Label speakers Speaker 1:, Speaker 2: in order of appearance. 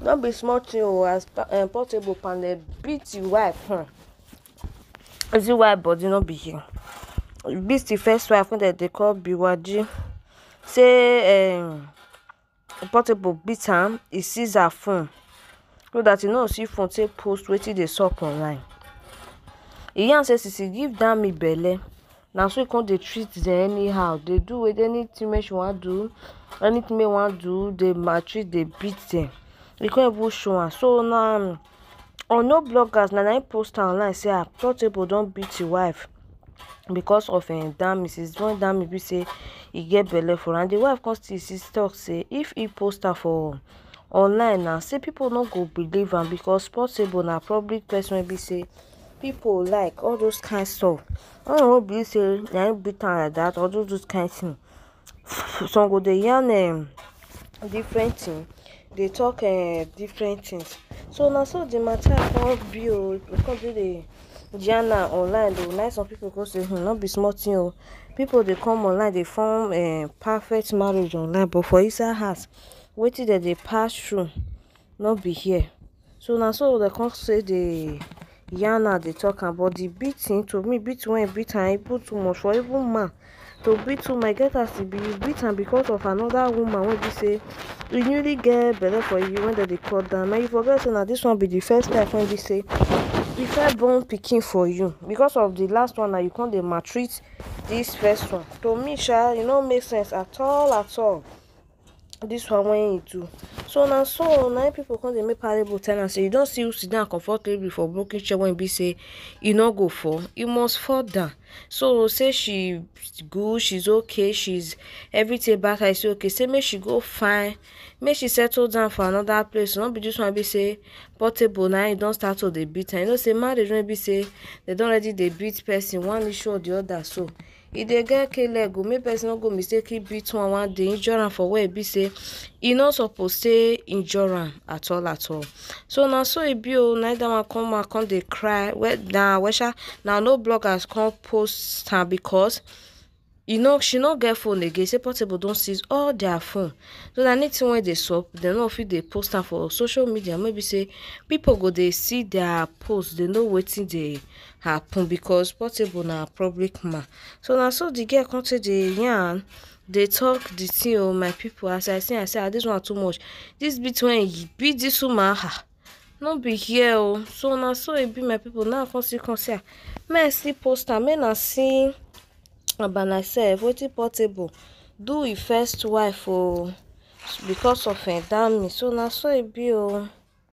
Speaker 1: no be small thing o as um, portable panel beat the wife hmm. you see why body no be here beat the first wife wey dem dey call biwaji say um, portable beat am e seize her phone so that e no see phone take post wetin dey sup online e yarn say sisi e give dat me belle na so he come dey treat dem anyhow dey do anything wey she wan do anything wey e wan do dey maltreat dey beat dem we show am so na um, on no bloggers na na post online say ah portable don beat im wife because of um, damage since when damage be say e get belle for am and the wife come still insist talk say if e post am for online na say people no go believe am because portable na public person wey be say people like all those kind stuff i don't know, believe say na him beat am like that or do those kind thing some go dey yarn um, different thing dey talk um different things. So na so the matter come be oo. We come do the yarn online oo. Na some people go say um no be small thing oo. Pipu dey come online dey form um perfect marriage online but for inside house wetin dem dey pass through no be here. So na so dey come say the yana am dey talk am but the thing to me beating wey im beat am e even too much for even man to beat woman get as e be beat am because of another woman wey be say e newly get belle for you when dem dey call down and you forget say na dis one be the first time wey be say e first born pikin for you because of the last one na you come dey maltreat this first one to me sha e no make sense at all at all This one wey e do so na so na people come dey make parable tell am say you don see you sit down comfortably for broken chair when e be say you e no go fall you must fall down so say she good she's okay she's everything back i say okay say make she go fine, make she settle down for another place no be dis one be say portable na you don't start to dey beat am you know say marriage wey be say they don already dey beat person one issue or the other so e dey get k leg o make person no go mistakenly beat one one dey injure am for where e be say e no suppose say injure am at all at all so na so e be o na dat one come out come dey cry Well na wesha na no bloggers come post am becos You know, she no get phone again say portable don seize all their phone so na anything wey dey sup dem no fit dey post am for social media maybe say people go dey see their post dey know wetin dey happen because portable na public man so na so the girl come take dey yarn dey talk the thing o oh, my people as i see am say ah this one too much this beat wey e beat this woman ah no be here o oh. so na so e be my people now i come see come see ah may i see post may una see by myself wetin portable do e first wife ooo oh, because of um dat me so na so e be oo oh.